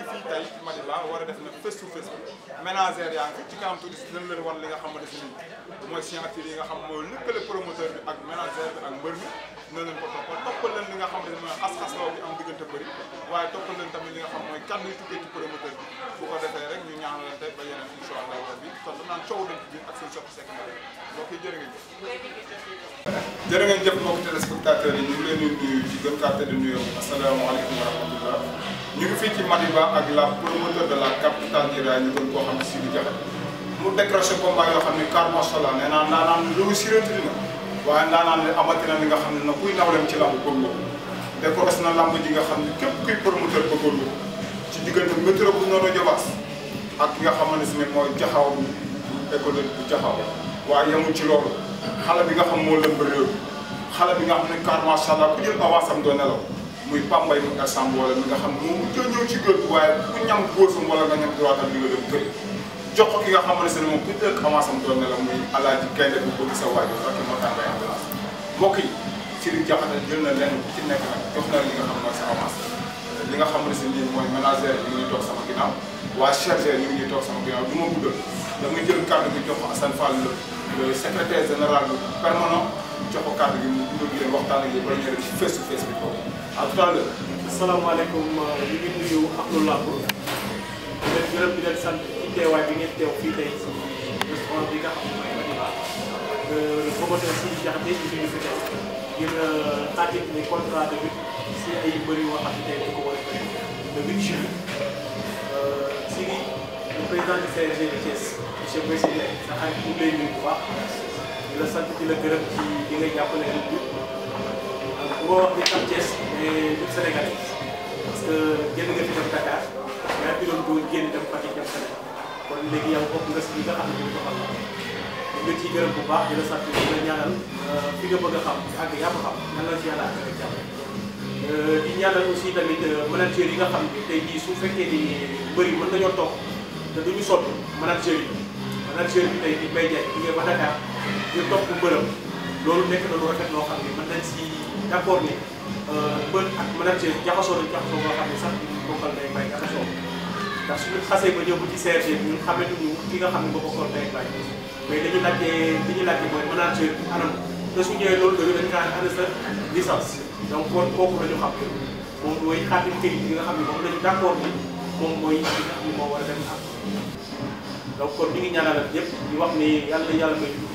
ngi fii tey Manila war a def nag face to face ménagère yaa ngi ci kanam tuuti si dinañ leen wan li nga xamante si nii mooy signature yi nga xam mooy lëkkale promoteur bi ak ménagère bi ak mbër mi dinañ leen ko toppal leen li nga xam ne mooy xas-xas la bi am diggante bëri waaye toppal leen tamit li nga xam mooy kan lay tukkee ci promoteur bi bu defee rek ñu ñaanalante ba yeneen incha allah rabbi kon dañ naan coow nañ ci biir ak seen soppi sekk mbaa mbokk yi leen ñu ngi fii ci Madiba ak la promoteur de la capitale du rail ñu ko xam ci Sidi Diakhaté mu décrocher combat yo xamni ne car macha allah na na lu ci siranti na waaye na na amati na nga xamni na kuy nawlem ci lamb ko bëgg ko décroché na lamb ji nga xamni kep kuy promoteur ko ko ci diggante metro bu noonu jobaas ak nga xamni ne mooy jaxaw bu école bu jaxaw waaye yamu ci lool xala bi nga xam mo lëmb réew xala bi nga xamni ne car macha ku jël avance am do nelaw muy Pambay ak Samb wala mi nga xam ne moom bu ñëw ci góor waaye ku ñam góosam wala nga ñam droit am li nga dem kër jox ko ki nga xam ne moom ku ëllëg avance am doon ne la muy alaaji gaynde bu ko gis a waajur ak moo tàmbay ambulance mbokk yi Serigne Diakhaté jël na lenn ci nekk nag jox na li nga xam ne sa avance li nga xam ne si nii mooy ménagère yi ngi toog sama ginnaaw waa chercheur yi ngi toog sama ginnaaw du ma guddal da nga jël kàddu bi jox ko Assane Fall le secrétaire général permanent jox bi kàddu gi mu dugg ngeen waxtaan ak yéen ba ñu ci face to face bi quoi. à tout euh, ngi nuyu Abdoulaye Kourou. di leen gërëm di sant ci bi ngeen teew fii tey ci bi nga xam ne mooy Madina. Euh, promoteur si ngir euh, taatit ni contrat de si ay mbëri yoo tey dañ ko war a bëri le 8 juillet. si le président du CNG de Thiès monsieur Mbaye Sy Ndiaye sa xarit mu ngi lay la sant di la gërëm ci li nga jàppale nit ñi donc euh, parce que génn nga fi dem Dakar nga xam ne ñu bu baax di sant di la ñaanal euh, fi nga bëgg a xam ak la ci euh, nga xam tey jii su fekkee ni bëri mën nañoo toog te duñu sotti manager yi manager bi tey di Mbaye Ndiaye di nga ba Dakar ngir topp mbërëm loolu nekk na lu rafet loo xam mën nañ si d' accord ni mbër euh, ak manager jaxasoo nañ jaxasoo boo xam ne sax ñun bokkal day bay jaxasoo ndax suñu xasee ba ñëw ci CRG ñun xamatuñu ki nga xam ne ba bokkal day bay mais dañu laajtee li ñu laajte mooy manager anam te su loolu dañu dañu naan ana sa licence donc kon kooku la ñu xam moom mooy xaatim këyit yi nga xam ne moom la ñu d' accord ni moom mooy nga xam ne moo war a ak donc kon ñu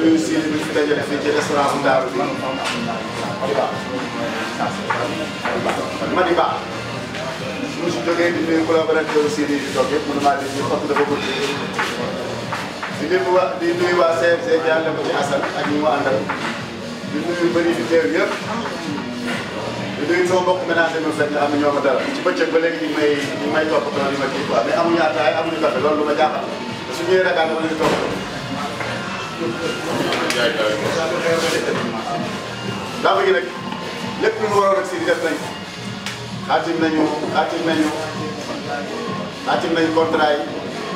réussir bi fi dajale fii ci restaurant Ndaaru bi di baax ma di baax mu si jógee di nuyu collaborateur aussi di toog yëpp mën naa leen di xott dafa gudd di nuyu waa di nuyu waa CFC jàllale ko ci Assane ak ñi mu àndal di nuyu bëri fi teew yëpp di nuyu sama mbokk ménage ma fekk am na ñoo ma dara ci bëccëg ba léegi ñu may ñu may toppatoo li ma kii quoi mais amuñu ataay amuñu café loolu lu ma jaaxal te su ñëwee Dakar dama leen toppatoo dafa gi nag lépp lu mu waroon ak si def nañ xaatim nañu xaatim nañu xaatim nañu contrat yi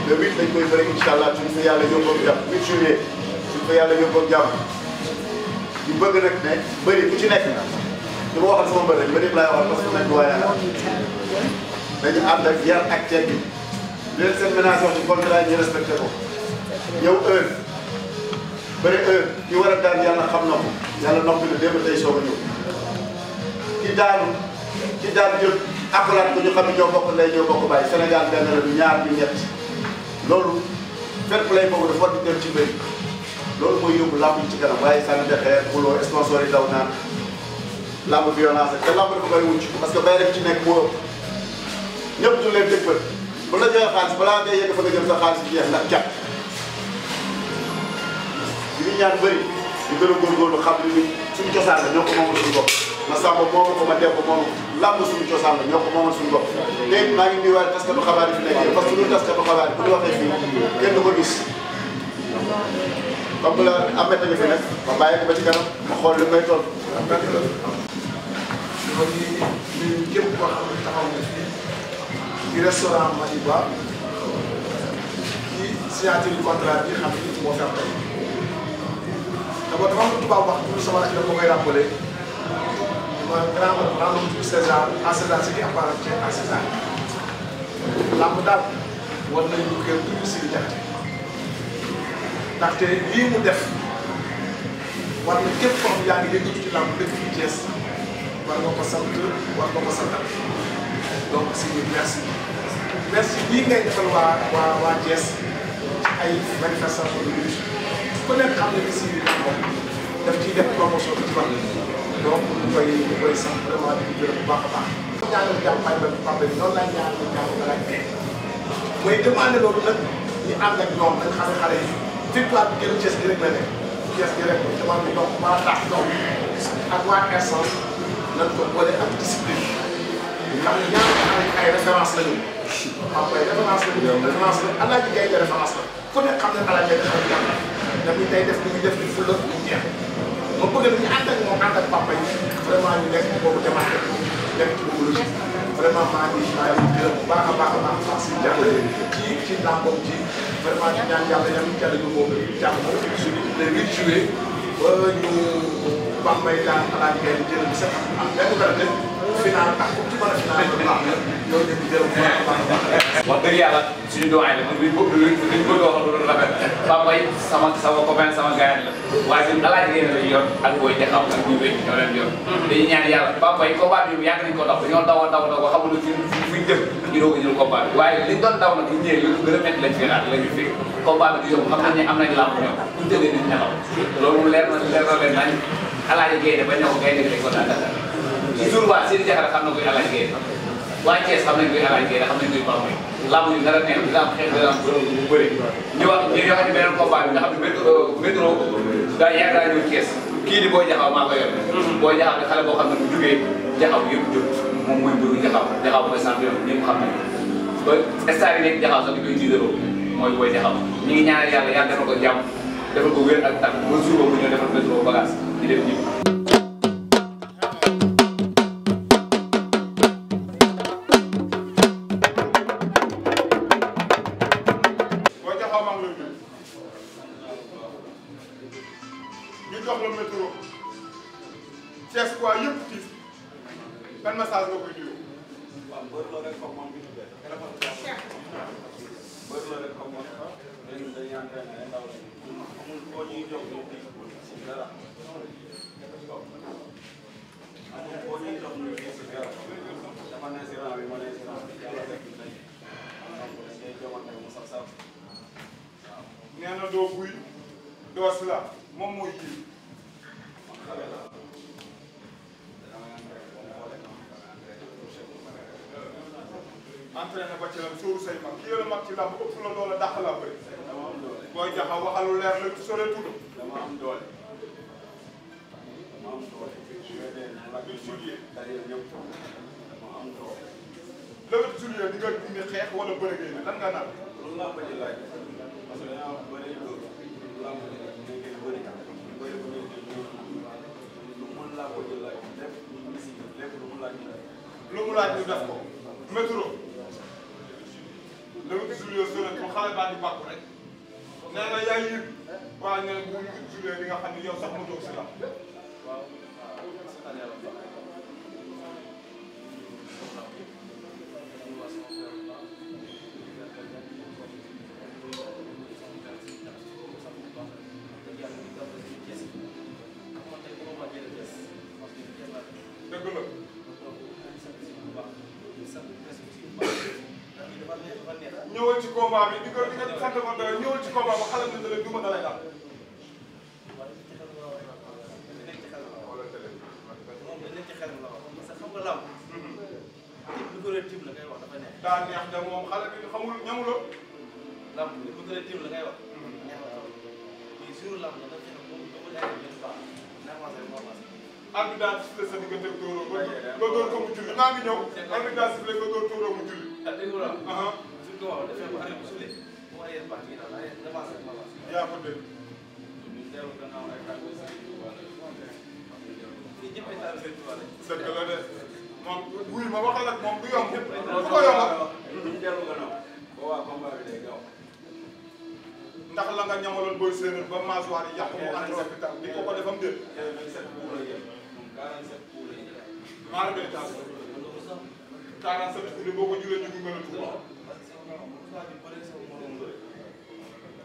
le huit dañ koy bëri incha allah suñ fa yàlla yóbboog jàmm huit juillet suñ fa yàlla yóbboog jàmm ñu bëgg nag ne bëri ku ci nekk na li ma waxal sama mbër rek mbër yëpp laay waxal parce que nag doyen la dañu ànd ak yar ak ceeb bi li leen seen ménage wax ci contrat yi ñu respecté ko ñëw heure. bëri heure ki war a daan yàlla xam na ko yàlla noppi na démb tey soog a ñëw ki daanu ki daan jël akalaat ko ñu xam ne ñoo bokk lay ñoo bokk bàyyi Sénégal benn la du ñaar du ñett loolu fair play boobu dafa war di dem ci mbéy loolu mooy yóbbu làmb yi ci kanam waaye sànni de xeer buloo sponsor yi daw naan làmb violence te làmb dafa bëri wuñ ci parce que bay rek ci nekk moo ñëpp ñu leen dëgg bët bu la joxee xaalis balaa ngay yegg fa nga jël sa xaalis jeex ndax ñi ñaan bëri ñu gën a góorgóorlu xam ni suñu cosaan la ñoo ko moomal suñu bopp ma sàmm moomu ko ma def ko moomu làmb suñu cosaan la ñoo ko moomal suñu bopp te maa ngi nuyuwaale taskatu xabaar yi fi nekk parce que ñun taskatu xabaar yi bu ñu waxee ko gis comme la amet nañu fi nag ma bàyyi ko ba ci kanam xool li may toll kon ñu xam ne taxaw na fii ci restaurant Madiba ci signature contrat bi xam moo fi am d'abord dafa am lu tubaab wax toujours sama rajo dama koy rappelé man grand man maanaam tout César à César ce qui appartient à César. làmb daal war nañu kër tuuti si jaxate ndaxte lii mu def war na képp koo xam yaa ngi yëngatu ci làmb dëkk fi Thiès war nga ko sant war nga ko santal donc si merci. merci lii ngay defal waa waa waa Thiès ay manifestation yu ku nekk xam ne si. moom daf ciy def promotion bi ci wàllu donc ñu koy ñu koy sant vraiment di gërëm bu baax a baax. ñoo ñaanal jàmpaay ba Pape noonu laa ñaanal jàmm balaa ngeen mooy demandé loolu nag ñu ànd ak ñoom dañ xam ne xale yi victoire bi gën a Thiès gi rek la nekk Thiès gi rek mooy demandé donc waa tax donc ak waa Kersang nañ ko boole ak discipline ndax ñaar ay référence lañu waaw ay référence lañu référence la Alaaji Gaye référence la ku ne xam ne Alaaji Gaye dafa jàmm ndax ñu tey def li muy def di fulla bu jeex ma bëgg nag ñu ànd ak moom ànd ak papa yi vraiment ñu nekk boobu démarqué nekk ci boobu logique vraiment maa ngi maa ngi gërëm bu baax a baax a baax sax si jàllale ci ci ndànkoom ci vraiment ñu ñaan yàlla yàlla ñu jàllale boobu jàmm suñu le 8 juillet ba ñu Bambey daan xalaat ngeen jël bi sax am benn benn final ak coupe du monde final bu baax la loolu dañuy jël bu baax a wax dëgg yàlla suñu doyen la luñ bëgg luñ bëgg a wax lu doon rafet Pape Mbaye sama sama copain sama gars la waaye ñun alaaj ngeen lay yor ak booy jaxaw ak ñu wéy ñoo leen yor dañuy ñaan yàlla Pape Mbaye combat bi yàgg nañ ko dox dañoo daw a daw daw xamuñu fi fuñ jëm ñu doog a jël combat bi waaye li doon daw nag ñu ñëwee lu gën a métti lañ fi naat lañu fi combat bi di yomb xam nañ ne am nañ làmb ñoom buñ tëddee nañ nelaw loolu leer na leer na leen nañ alaaji gaynde ba ñoo ko gaynde ko daal ci jour waa seen jaxara xam na koy alaaj gay waa Thiès xam nañ koy alaaj gay xam nañ koy baax mooy lamb ñu dara neex dina am xeex dina am bu bëri ñu wax ñu waxati beneen combat bi nga xam ne métro euh, métro daa yàgg daa ñëw Thiès kii di boo jaxaw maa ko yor boo jaxaw di xale boo xam ne bu jugee jaxaw yëpp jóg moom mooy mburu jaxaw jaxaw mooy champion ñëpp xam nañ ba stade yi nekk jaxaw sax di koy jiitaloo mooy booy jaxaw ñu ngi ñaanal yàlla yàlla defal ko jàmm defal ko wér ak tànk ba jour boobu ñëw defal métro bagage di def ñëpp nee na doo buy doo si la moom mooy ji. entraîné ba ci lam sóoru say mag kii la mag ci làmb ëpp la doole dàq la bëri booy jaxaw waxal lu leer la du sore tudd dama am doole dama am doole la huit juillet daje ñëpp dama am doole le huit juillet di nga indi xeex wala bëri ngay ne lan nga naan loolu laa bëri laaj parce que dañaa wax bëri dóor làmb ji nekkee bëri bëri bu nekkee ñëw lu mën laa ko jël laaj lépp ñu ngi si lépp lu mu laaj ñu def lu mu laaj ñu def ko métro dama gisul yow sërët bu xale baa di bàkku rek nee na yaay yëg waaye nee bu mu jullee li nga xam si la Thank you. combat bi di ko di ko sant ko doyoo ñëwal ci combat ba la duma da daa neex de moom xale bi mu gën a tiim la ngay wax. neex na lool mais jour lamb la nga fexe moom dama lay def naa mu julli maa ngi ñëw. arbitre daal sifflé nga dóor Dóoró doon defee ko arrêté su dee ma yee baax gi daal naa yee avancé ma avancé. yaa ko dégg. ñun dellu gannaaw ma waxal ak moom du yomb. du ko yombal ñu dellu gannaaw. boo waa combat mu ànd sa bi tax di ko ko defam déet. 47 pour combat bi bëri sama morom bëri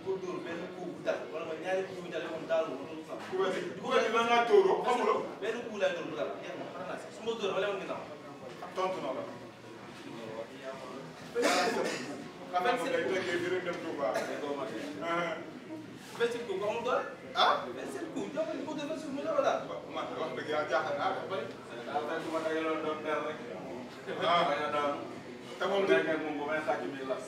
ko dóor benn coup bu dal wala mooy ñaari coup bu dal yoo xam daal wala lu sax. kubéet bi kubéet bi mën naa tóoroo xamuloo. benn coup laay dóor bu dal jeex na xanaa naa si su ma dóor ba léegi ginnaaw tontu na la. xam nga ngay teggee bi rek dem Touba. vingt-sept coups amul doole. ah vingt-sept coups jox ko dóor vingt-sept coups la daal. man wax dëgg yàlla jaaxal naa ko bëri. daal daal su ma dajaloon doon der rek. ah te moom de. bu nekkee moom bu may sàcc bi las.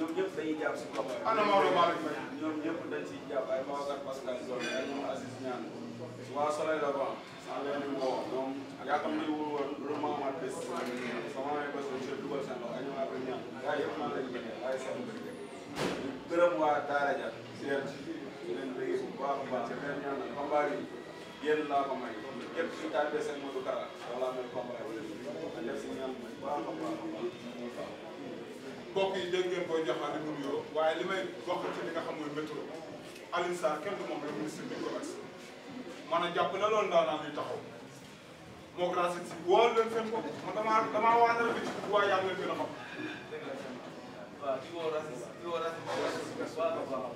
ñoom a dañuy jàpp si loxo yi. ana Maodo Malick Mbaye. ñoom ñëpp dañ siy jàpp ay Babacar Pascal Zone ay ñoom Aziz Niane. waa Soleil Levant. sans leen di woo ñoom yaakaar naa ne wul woon lu Mahamad Bés. sama may bés bu ñu dugal seen loxo ay ñoom après ñaan. gars yëpp noonu lañ bëggee waaye seen bëgg. di gërëm waa Daara Dia. si leen di leen bëggee bu baax a baax di leen ñaanal combat bi yéen laa ko may. képp suñu tànnee seen motu kala. wala amee combat bi. def si ñaan bu baax a baax a baax. mbokk yi dégg ngeen koy joxaane mu nuyoo waaye li may bokk ci li nga xam mooy métro Alioune Sarr kenn du moom la ministre du commerce maanaam jàpp na loolu daanaan luy taxaw moo grâce si wóor leen seen a xam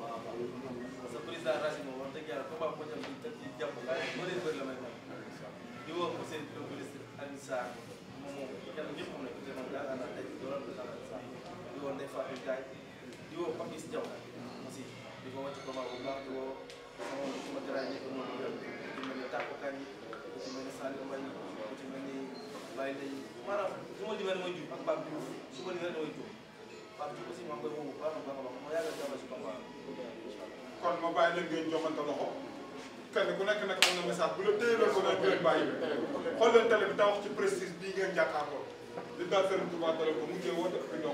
a sa président doon des fois une taille di woo Papis Diaw aussi di ko wàcc combat bu baax di woo sama sama garaay nekk moom di jël ku ci mel ni Tako Kani ku ci mel ni Salim Mbaye ku ci mel ni Baye Ndeye maanaam su ma limee damay juum ak Pape Diouf su ma limee damay juum Pape Diouf aussi maa ngi koy woo bu baax a baax a baax ma yàggal jàmm si combat kon ma bàyyi leen ngeen joxante loxo kenn ku nekk nag am na message bu la téye la ko nag ngeen bàyyi xool leen télé bi ta wax ci prestige bii ngeen jàkkaarloo di daal seen tubaab télé ko mujjee woote ak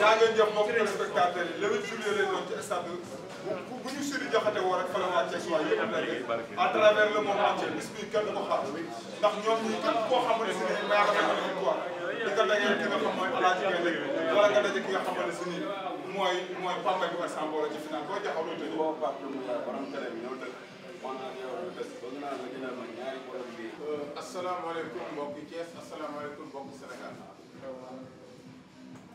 jaa ngeen jëf mbokk téléspectateurs yi le 8 juillet lay doon ci stade bu bu ñu suri joxate woo rek fële waa Thiès waa yëpp la à travers le monde entier bis bi kenn du ko xaar ndax ñoom ñi képp koo xamante ne nii maa ngi leen di quoi di nga dajee ki nga xam mooy alaaji Kelle wala nga daje ki nga xamante si nii mooy mooy Pambay bu Assane boole ci final boo jaxaw luy tëj. boo Pape Louga borom télé bi ñëw dëkk moo naan yow lu des ba nga naan la gënal ma ñaari borom bi. asalaamaaleykum mbokki Thiès asalaamaaleykum mbokki Sénégal.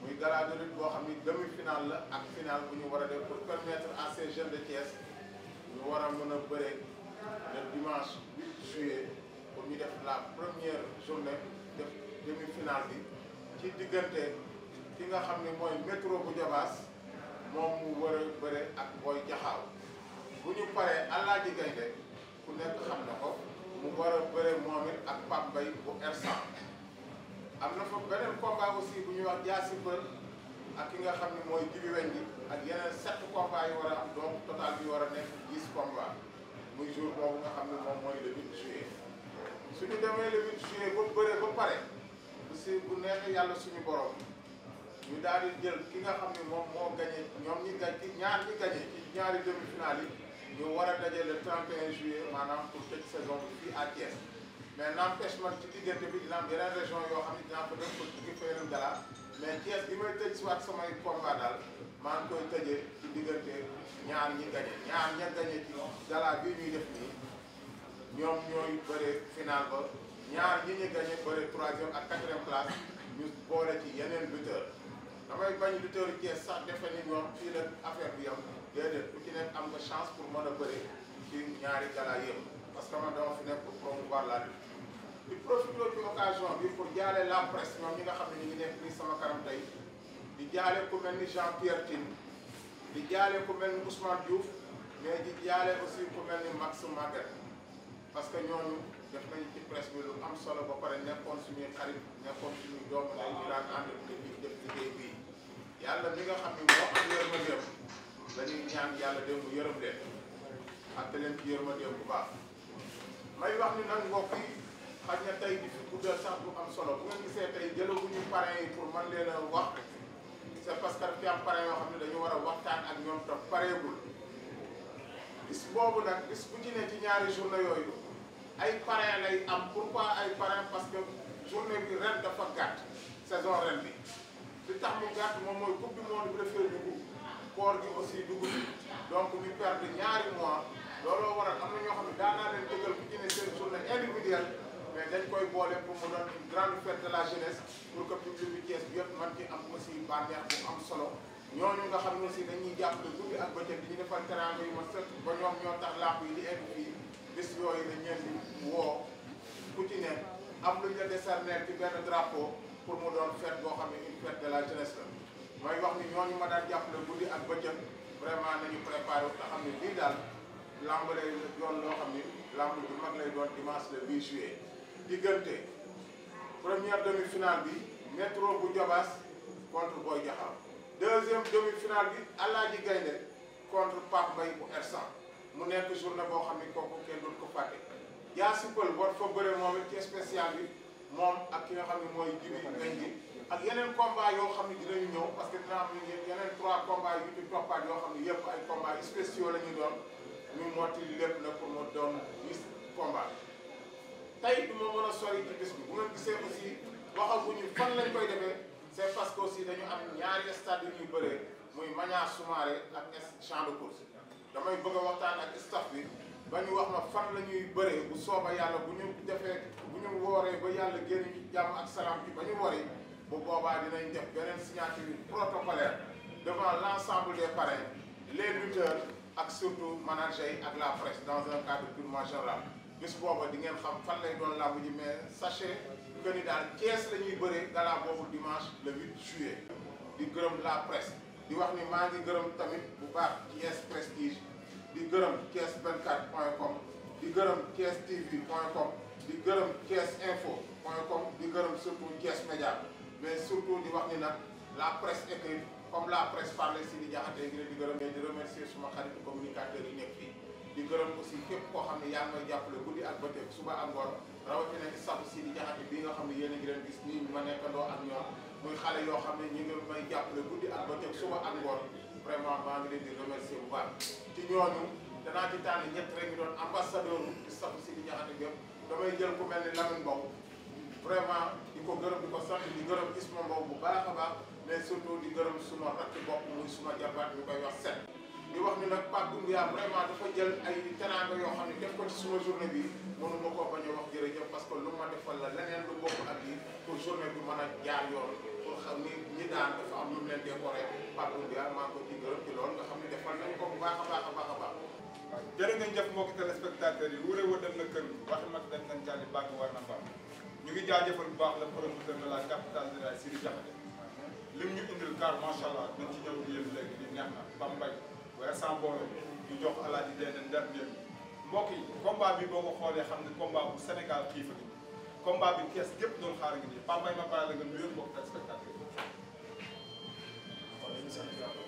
muy gala de lutte boo xam ni demi final la ak final bu ñu war a def pour permettre à ces jeunes de Thiès ñu war a mën a bëree le dimanche 8 juillet pour ñu def la première journée def demi final bi ci diggante ki nga xam ni mooy métro bu Jabaas moom mu war a bëre ak booy jaxaaw bu ñu paree Alaaji Gaynde ku nekk xam na ko mu war a bëre moom ak Pape Mbaye bu R100 am na foofu beneen combat aussi bu ñuy wax jaasi bër ak ki nga xam ne mooy jibi weñ gi ak yeneen sept combat yu war a am donc total bi war a nekk dix combat muy jour boobu nga xam ne moom mooy le 8 juillet suñu demee le 8 juillet ba bëree ba pare bu si bu neexee yàlla suñu borom ñu daal di jël ki nga xam ne moom moo gagné ñoom ñi gañ ñaar ñi gagné ci ñaari demi-finale yi ñu war a daje le 31 juillet maanaam pour tëj saison bi fii mais n'empêche man ci diggante bi dina am yeneen région yoo xam ne dinaa ko def ko ci feneen gala mais Thiès bi may tëj si waat samay combat daal maa ngi koy tëjee ci diggante ñaar ñi gañe ñaar ña gañe ci gala bii ñuy def nii ñoom ñooy bëree final ba ñaar ñi ñu gañe bëree troisième ak quatrième place ñu boole ci yeneen lutteur damay bañ lutteur Thiès sax defe ni ñoom fii nag affaire bi yam déedéet ku ci am nga chance pour mën a bëri ci ñaari gala yëpp parce que man dama fi di profité ci occasion bi pour jaale la presse ñoom ñi nga xam ne ñu ngi nii sama kanam tey di jaalee ku mel ni Jean Pierre Tine di jaale ku mel ni Ousmane Diouf mais di jaale aussi ku mel ni Max Maguette parce que ñooñu def nañu ci presse bi lu am solo ba pare nekkoon suñuy xarit nekkoon suñuy doomu lay ñu daan ànd ak ñuy def liggéey bii yàlla mi nga xam ne moo am yërmandeem dañuy ñaan yàlla dem mu yërëm leen ak leen ci yërmandeem bu baax may wax xaj na tey di fi guddal sax bu am solo bu ngeen gisee tey jëlaguñu parrain yi pour man leen a wax c'est parce que fi am parrain yoo xam ne dañu war a waxtaan ak ñoom tam pareegul bis boobu nag bis ci ne ci ñaari journée yooyu ay parrain lay am pourquoi ay parrain parce que journée bi ren dafa gàtt saison ren bi li tax mu gàtt moom mooy coupe du monde bi dafee dugg koor gi aussi dugg donc ñu perdre ñaari mois looloo waral a na xam ne daan naa ne seen journée individuelle mais dañ koy boole pour mu doon une grande fête de la jeunesse pour que public bi Thiès bi yëpp man ci am aussi bànneex bu am solo ñooñu nga xam ne aussi dañuy jàpp ne guddi ak bëccëg di ñu defal terrain yu ma sëkk ba ñoom ñoo tax làmp yi di egg fii bis yooyu la ñeen di woo ku ci ne am lu ñu la décerner ci benn drapeau pour mu doon fête boo xam ne une fête de la jeunesse la mooy wax ni ñooñu ma daan jàpp ne guddi ak bëccëg vraiment nañu préparé wu nga xam ne lii daal lamb lay doon loo xam ni lamb bu mag lay doon dimanche le 8 juillet diggante première demi-finale bi Metro bu Jobaas contre Boy Jaxaw deuxième demi-finale bi Alaaji Gaynde contre Pape Bay bu Ersan mu nekk journée bo xam ni kooku kenn dul ko fàtte jaasi pël war fa bëre moom it ci spécial bi mom ak ki nga xam moy Djibi jibi ak yeneen combat yo xam dinañ ñëw parce que dina am yeneen trois combats yu ci toppaat yo xam yépp ay combats spéciaux lañu doon ñu mottali lepp nak pour mo doon dix combats tey du ma mën a sori ci bés bi bu ngeen gisee aussi waxaguñu fan lañ koy defee c'est parce que dañu am ñaari stade yu ñuy bëree muy Maniang Soumaré ak champ de course damay bëgg a waxtaan ak staff bi ba ñu wax ma fan la ñuy bëree bu sooba yàlla bu ñu defee bu ñu wooree ba yàlla génn ñu jàmm ak salaam bi ba ñu wari bu boobaa dinañ def beneen signature protocolaire devant l'ensemble des parrains les lutteurs ak surtout managers yi ak la presse dans un cadre purement général bis booba di ngeen xam fan lay doon làmb ji mais sachez que ni daal Thiès la ñuy bëree gala boobu dimanche le 8 juillet. di gërëm la presse di wax ni maa ngi gërëm tamit bu baax Thiès prestige di gërëm Thiès 24 point com di gërëm Thiès TV.com, point com di gërëm Thiès info point com di gërëm surtout Thiès média mais surtout di wax ni nag la presse écrite comme la presse parlée si di jaxatee gi di gërëm mais di remercier suma xarit communicateur yi nekk fii. di gërëm si képp koo xam ne yaa ngi may jàppale guddi ak bëccëg suba ak ngoon rawatina sabu si di jaxati bii nga xam ne yéen a ngi leen gis nii ñu ma nekkandoo ak ñoom muy xale yoo xam ne ñu ngi may jàppale guddi ak bëccëg suba ak ngoon vraiment maa ngi leen di remercier bu baax ci ñooñu danaa ci tànn ñett rek ñu doon ambassadeur di sabu si di jaxati bépp damay jël ku mel ni Lamine Mbow vraiment di ko gërëm di ko sant di gërëm Isma Mbow bu baax a baax mais surtout di gërëm suma rakk bopp muy suma jabaat ñu koy wax set di wax ni nag Pape Doumbia vraiment dafa jël ay teraanga yoo xam ne def ko ci suma journée bi mënuma koo bañ a wax jërëjëf parce que lu ma defal la leneen lu bokk ak yi pour journée bi mën a jaar yoon pour xam ni ñi daan dafa am lu mu leen décoré Pape Doumbia maa ngi ko ci gërëm ci loolu nga xam ne defal nañ ko bu baax a baax a baax a baax waaw jërë ngeen jëf mbokki téléspectateurs yi wuré wa dem na kër waxi mag dem nañ jàlli bàgg war na mbaam ñu ngi jaajëfal bu baax la promoteur de la capitale de la ñu indil car macha allah dañ ci ñëw yéen léegi di neex na Bambay weer sans boole ñu jox alaaji Dendé ndar njëriñ mbokk yi combat bi boo ko xoolee xam ne combat bu Sénégal xiif gi combat bi kees gépp doon xaar gi nii Pape Mbaye ma bàyyi la nga nuyoo mbokk téléspectateur yi. waaw dañuy sant yàlla.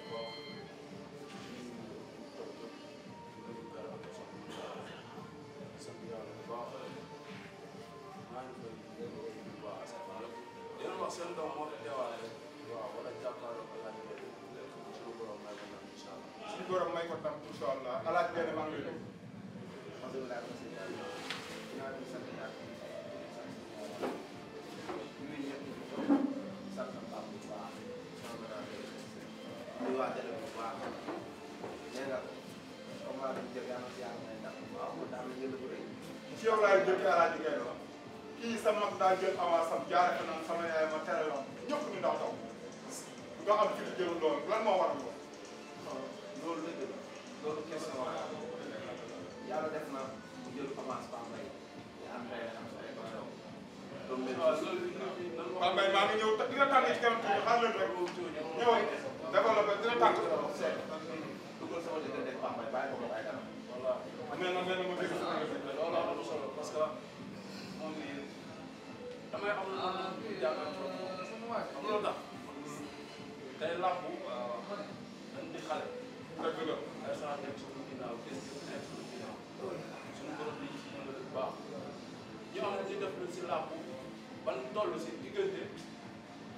tam incha allah alaaj benn maa ngi lay déglu. alhamdulilah monsieur Diagne dinaa leen sant yàlla di leen sant ñu ngi ñëpp di toog sant Pape bu baax. di waa Jalle bu baax nee nga comme maa ngi jógee am si yàlla may ndax waaw man daa ma jël bu rëy. ci yow laay jógee alaaj ngay wax kii sama daa jël avance am jaaree ko noonu sama yaay ma teraloon ñëpp ñu ndax taw nga am ci lu jëloon loolu lan moo waral loolu. loolu la loolu question la yàlla def na mu jël avance Bambey te André am na ay bantaaw. donc Bambey maa ngi ñëw dina tàng ci kanam tuuti xaar leen rek ñëwal defal la ko dina tàng. dugal sama diggante Bambey bàyyi ko ko ay kanam. mel na mel na ma dégg loolu am solo parce que moom nii damay am am jàngat trop am loolu tax tey làmb dañ ah, di xale. dëgg la. instant nekk suñu ginnaaw gis nekk suñu ginnaaw suñu borom liñ ci mën a baax ñu am ñu def lu si làmb ban toll si diggante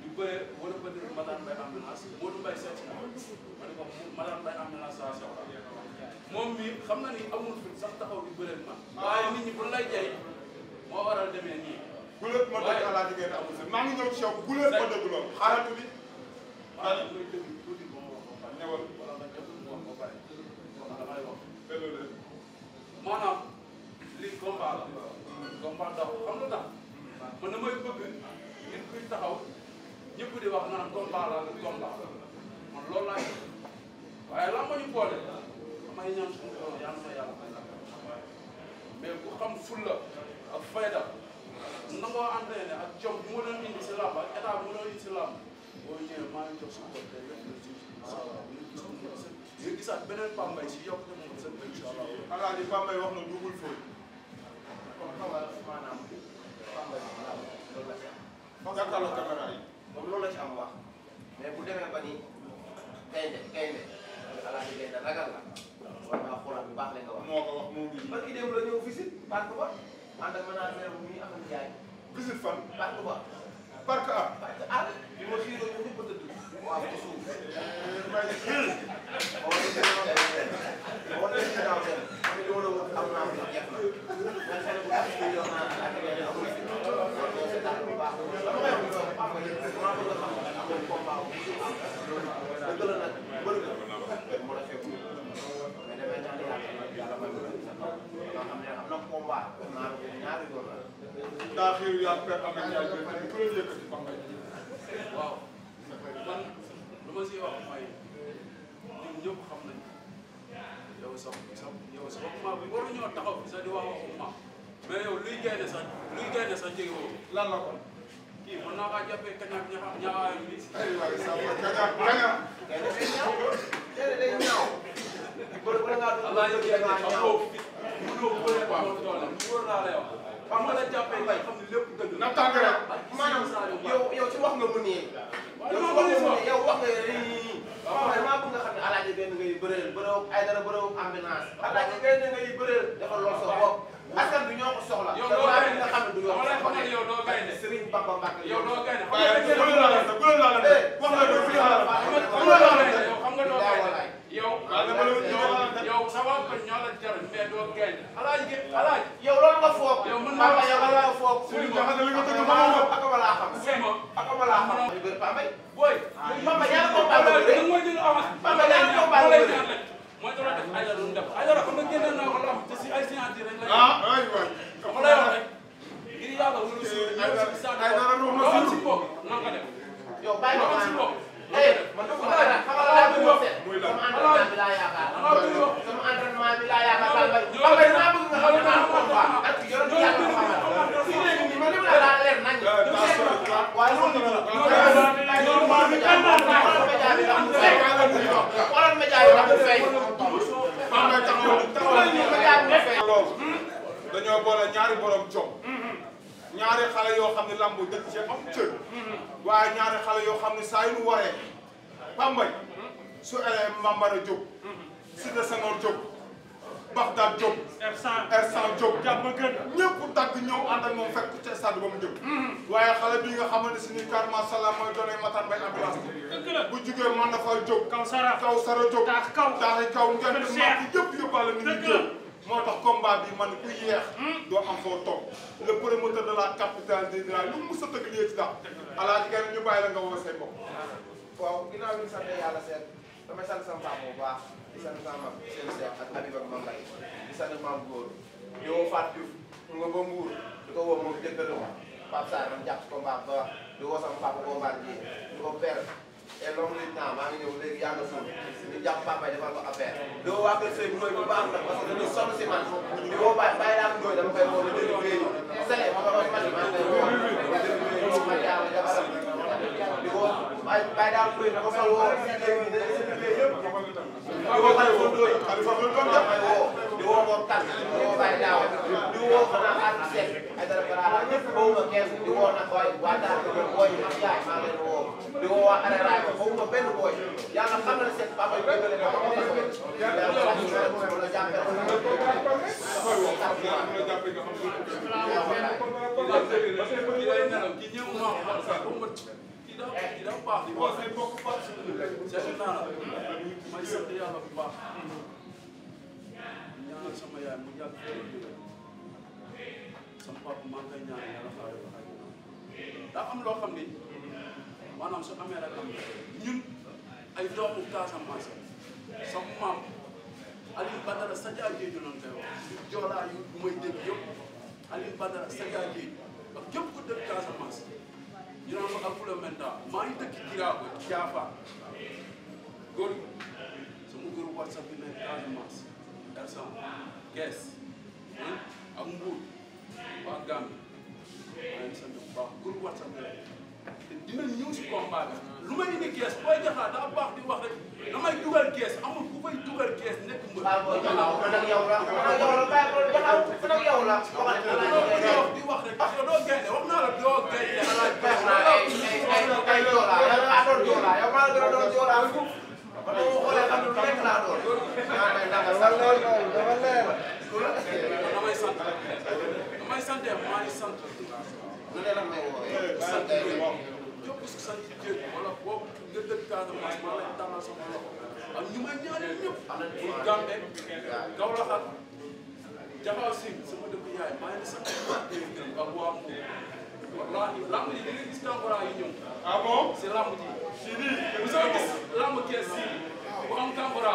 ñu bëre wala bëri madame Mbaye ambulance Modou Mbaye seet si ma ma ne ko madame Mbaye ambulance saa sew moom mi xam na ni amul fi sax taxaw di bëre ma waaye nit ñi bu lay jay moo waral demee nii guleet ma dëgg alaa jigéen te amul seen maa ngi ñëw ci yow guleet ma dëgg loolu xaaral tuuti xaaral tuuti tuuti bon newal maanaam li combat la combat daw xam nga tax man na may bëgg nit kuy taxaw ñëpp di wax naan combat la combat man loolu laa gis waaye lan moo ñu boole damay ñaan suñu borom yàlla na yàlla mais ku xam fulla ak fayda nangoo entraîné ak jom bi ma doon indi si làmb ak état bi ma doon indi si làmb boo ñëwee maa ngi jox suñu bopp day yokk nga gisaat beneen Pambay si yokk na moom seen incha allah. alaaji Pambay wax na duubul fooy. kon xamal maanaam Pambay loolu la ci am. gàttaloo caméra yi. moom loolu la ci am wax mais bu demee ba ni gaynde gaynde alaaji gaynde ragal la war naa xoolal bu baax la nga wax. moo ko wax moo ngi. parce que démb la ñëw visite parc ba ànd ak manager bu muy amal jaay. visite fan. parc ba. parc à. parc à li ma xiiroo ñu ñëpp a tëdd. daa xëy na yaa ngi fekk am nañu yaa ngi fekk lu ma siy wax mooy ñun ñëpp xam nañ yow sax sax yow sax waxumaa bi waruñoo taxaw fi sax di wax waxuma mais yow luy gaynde sax luy gaynde sax jege woo lan la ko kii mën naa kaa jàppee kañaak ñaxa ñaawaayam bi allah yow yaa ngi xam loo fi mënoo bëre ba mu doole wóor naa lay wax xam nga la jàppee xam ne lépp dëgg na tàng rek maanaam yow yow ci wax nga mu nii yow wax nga yow nii damaa bëgg nga xam ne alaaji benn ngay bëreel bëreel ay dara bëreel ambulance alaaji benn ngay bëreel dafa lool sa bopp askan bi ñoo ko soxla yow doo gaynde nga xam ne du yow yow doo gaynde Serigne Bamba Mbacke yow doo gaynde wax nga do fi ala yow xam nga doo gaynde yow yow sa waa ko ñoo la jar mais doo gaynde alaaji alaaji yow loolu nga foog yow mën naa yow nga foog Serigne nga xam ne li nga tëgg laa xam. Sèye ak Oma laa xam. mooy bëri Pambay. booy. Pambay ñaar combat la bëri. mooy jël avance. Pambay ñaar combat la bëri. mooy doon def ay la doon def ay la doon xam nga génne naa ko lam te si ay signature rek la. ah aywa. dama lay wax rek. ngir yàlla wala si. ay la ay la doon ma si bopp nan nga def. yow bàyyi ko maanaam ma man de ko xam nga xam nga laa bëgg wax seet. muy la sama entraînement bi laa yaakaar. sama entraînement bi laa yaakaar Pambay. Pambay naa bëgg nga xam ne maa ko wax. ak yoon bi yàlla waaye loolu dañoo boole ñaari borom jom. ñaari xale yoo xam ne lamb dëkk ci am cër. waaye ñaari xale yoo xam ne saa yu nu waree. su elee Mambara jóg. Cité Senghor jóg. Baxdaad Diop. R100 R100 Diop. jàpp nga gën ñëw ànd ak moom fekk ca stade ba mu jëm. Mm-hmm. waaye xale bii nga xamante ne nii car macha allah mooy doonay Matar Mbaye ambulance bi. dëgg la bu jugee mën na fa Diop. kaw Sara kaw Sara kaw ngeen di màgg yëpp yóbbaale nit ñi Diop. moo tax combat bi man ku yeex. Mm. doo am foo toog. le promoteur de la capitale des Dira lu mu sa tëgg lii ci dàq. alaaji gën ñu bàyyi la nga a say damay sant sama papa bu baax di sant sama seen seex ak Habib ak Mambay di sant maam góor yow Fatou Diouf mu nga ba Mbour di ko woo moom jëkkërëm Pape Sarr man jàpp ko mbaax ba di woo sama papa Bombardier di ko père et l'homme lieutenant maa ngi ñëw léegi yaa nga suuf ñu jàpp papa yi defal ko affaire doo waa kër sëy nooy bu baax la parce que dañu sonn si man di woo bàyyi bàyyi laa nooy dama koy woo di dëgg léegi sële ma ko koy man maa ngi lay woo di dëgg léegi ma jaam jabaram woo bàyyi bàyyi daal kuy na ko fa woo si léegi léegi seen liggéey yëpp di woo Aliou Ndoye Aliou Ndoye daf may woo di woo Mor Kane di woo Baye Daawa di woo xanaa Aliou Seck ay dara balaa ñëpp bawuma kenn di woo nag waay waa daal di woo booy ak yaay maa leen woo di woo waa Araraay ko bawuma benn booy yàlla xam na seen papa yi dëgg la ko la jàppee ko dina baax li ma seen bokk baax seetlu naa la may sant yàlla bu baax ñaanal sama yaay mu yàgg sama papa maa ngi koy ñaanal yàlla xaar yoo xam daa am loo xam ni maanaam su amee rek am ñun ay doomu Casamance sama maam Aliou Badara Sadia Diédhiou lañ koy wax joolaa yu may dégg yëpp Aliou Badara Sadia Diédhiou ak képp ku dëkk Casamance ñinoo ko appula maintenant maa ngi dëkk Giraago j i a f a góor sama góor whatsapp bi nekk c a d a m a n c e Ersan Kees ak m b o u r waa Gambie maa ngi sant bu baax góor whatsapp bi dinañ ñëw si combat bi lu may indi kees booy defar daa baax di wax rek damay dugal kees amul ku fay dugal kees nekk mbër. waaw waaw waaw kon nag yow la kon yow la bàyyi ko jaxaw kon nag yow la. kon nag yow di wax rek parce que doo gaynde wax naa la doo gaynde. ay joola yow maa doon joola yow maa gën a doon joola ak ku. kon nag bu xoolee xam lu nekk laa doon. maa ngi lay dàggal sax lool lool dafa leer. damay sant damay sant maa ngi sant. lu ne la may woowee sant. jóg si sa jéeg wala boobu nga dëkk Casamance maa lay tàllal sama loxo ak ñu may ñaanal ñëpp. pour Gambe Kaolack Jaxaaw si sama dëkk yaay maa ngi leen di sant ak waa wallaahi lamb ji da ngay gis temporaire yi ñëw. ah bon si lamb ji. si nii. bu soo gis lamb kees si. bu am Kankura.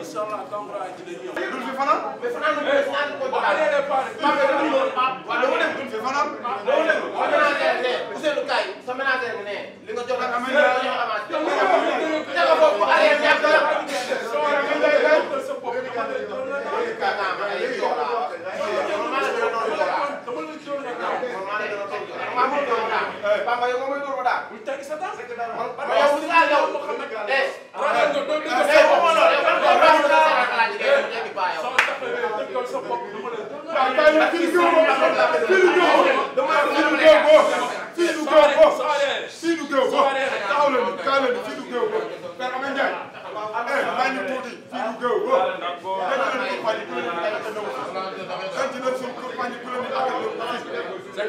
incha allah Kankura ci la ñuy dul fi fanaan. mais fanaan la ñu fanaan ko ba allé les pare. Pape dama doon Pape dama dem dul fi fanaan. Pape dama dem waaw ménagère ne Ousseynou Kaye sa ménagère ne li nga jox nag am na ñoo avancé. te mu ngi ko tega foofu allé ñaata la. soo ko defee sa bopp. Mahmud dong menang. Bang Bayu ngomong itu menang. Kita bisa tahu. Bayu Musa ya Muhammad. Eh, Rasul tuh dulu dulu. Eh, ngomong loh. Kan gua orang sekarang lagi kayak di Bayu. Soalnya tuh kalau sopok dulu. Bang Bayu kiri gua. Kiri gua. Demar kiri gua. Kiri gua. Kiri gua. Kiri gua. Tahu loh, tahu loh.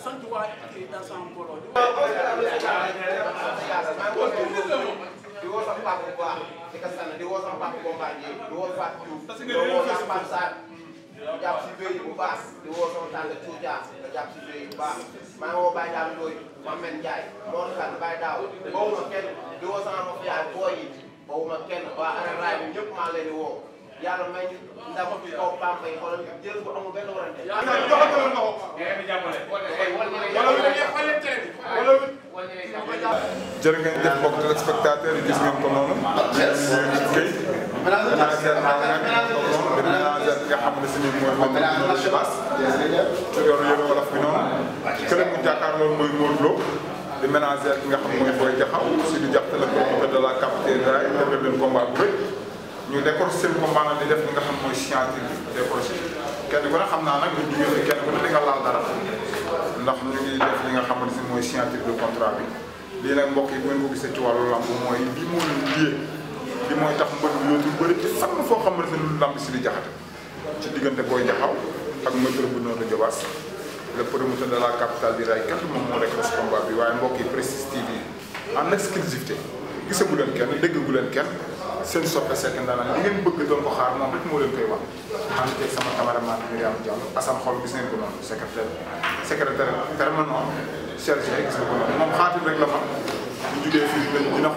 sant waa kii dans di woo sama papa bu baax di di woo sama papa di woo Fatou Diouf. di woo sama papa Sarr nga jàpp si béy bu baax di woo sama tante Thoudia nga jàpp si béy bu baax maa ngi woo Baye Daaw Ndoye Mohamed Ndiaye Mor Daaw di woo sama yaay booy yi bawuma kenn waa ANACIM ñëpp maa ngi leen di yàlla may ñu ndam kaw Bambey xoolal jël bu amul benn warante. yàlla na joxataloon na ko. ngeen di jàppale. jërë ngeen jëf mbokk téléspectateur yi gis ngeen ko noonu. nga xam ne si ni mooy moom la ñu bas. yor yëre wolof bi noonu. kële mu jàkkaarloo mooy Modou Lo di ménager ki nga xam mooy Boy Diakhao si di jàppale promoteur de la capitale raay defal leen combat bu rëy ñu décortiquer ko maanaam di def li nga xam mooy scientifique décortiquer kenn ku ne xam naa nag ñu ngi ñëw kenn ku ne di nga dara ndax ñu ngi def li nga xamante si mooy scientifique de contrat bi lii nag mbokk yi bu ngeen ko gisee ci wàllu lamb mooy moo leen liyee li mooy tax mbër bi yootul bëri te am na foo xamante ni lamb si di jaxate ci diggante booy jaxaw ak mëtër bu noonu jobaas le promoteur de la bi ray kat moom moo rek sa combat bi waaye mbokk yi Prestige TV en gisagu leen kenn déggagu leen kenn seen soppe Seck Ndanane li ngeen bëgg doon ko xaar moom rek moo leen koy wax ànd teg sama cameraman Myriam Diallo Assane xool gis ngeen ko noonu secrétaire secrétaire permanent Serge gis nga ko noonu moom xaatim rek la ma bu jugee fii dina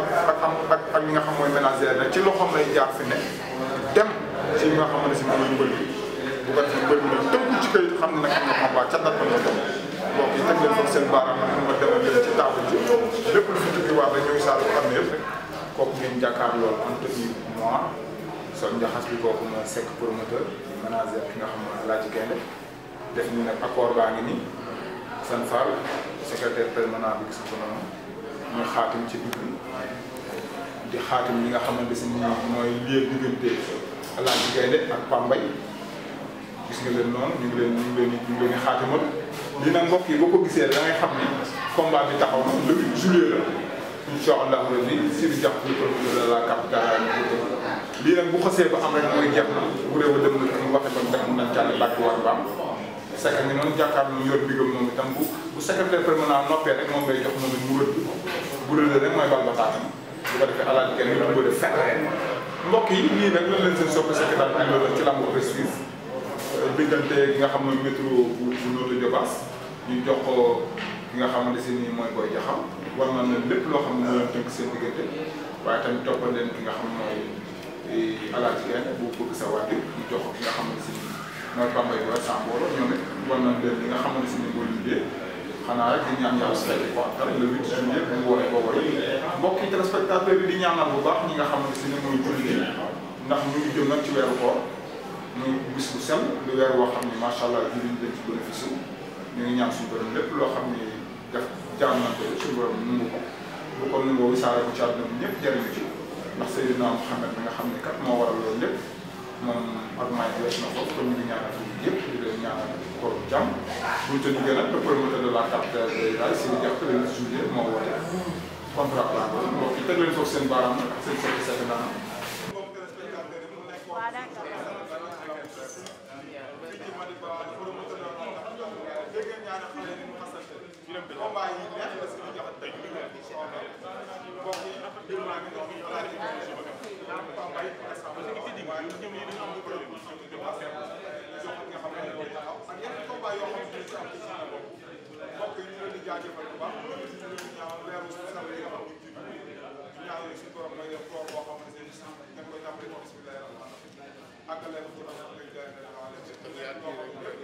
ak ak am ñi nga xam mooy ménagère ci loxoom lay jaar fi ne dem ci ñi nga xam ne si moom la ñu bëri bu ko defee bëri na tënku ci kayit xam ne nag am na combat ca date ba nga mbokk yi teg leen seen baaraam nga demal leen ci table ji lépp lu fi tukki waat rek ñooy saal bu xam ne yëpp kooku ngeen jàkkaar lool Anthony Mois son njaxas bi kooku mooy sec promoteur manager ki nga xam ne laa ci gaynde def ni nag accord baa ngi nii seen Fall secrétaire permanent bi gis ko noonu muy xaatim ci dugg di xaatim li nga xamante si nii mooy lieu diggante laa ci gaynde ak Pambay gis nga leen noonu ñu ngi leen ñu ngi leen ñu ngi leen xaatimal li nag mbokk yi boo ko gisee da ngay xam ni combat bi taxaw na le 8 juillet la incha allah rabi si di jàpp le premier de la capitale lii nag bu xasee ba am rek na bu réew a dem na mu waxe ba mu tax na jàll bàkk war baam seka ngi noonu jàkkaarloo yor moom itam bu bu secrétaire permanent noppee rek moom ngay jox moom it mu rëdd bu rëdd rek mooy bal bataatam bu ko defee alaaj kenn ñu ko def fekk mbokk yi nii nag lan leen seen sopp secrétaire bi loolu ci lamb presse diggante gi nga xam ne métro bu bu Notto Diobass ñu jox ko ki nga xamante si nii mooy Boy Diakham war na leen lépp loo xam ne moo tënk seen diggante waaye tamit toppal leen ki nga xam mooy eh, Alaaji Gaynde bu bëgg sa wàddi ñu jox ko ki nga xamante si nii mooy Bambey wala Samboro ñoom it war na leen li nga xamante si nii mooy liggéey xanaa rek di ñaan yàlla si laaj quoi le huit juillet mu woote boobu rek mbokk yi téléspectateur bi di ñaanal bu baax ñi nga xamante si nii julli ndax ñu jëm nag ci weeru koor ñu gis lu sell lu weer woo xam ne macha allah jur ñu ci bénéfice wu ñu ñaan suñu borom lépp loo xam ne def jaam nañ ko suñu borom nangu ko bu ko nangoo wisaare ko ci àdduna bi ñëpp jëriñu ci ndax Seydina Muhammad mi nga xam ne kat moo waral loolu lépp moom ak maay wees na ko comme ñu ngi ñaanal fi yëpp di leen ñaanal ko jàmm bu ñu tëjee nag le de la carte de la si jàpp le juillet moo woote contrat la ko mbokk yi teg foofu seen baaraam nag ak seen seet seet naa ak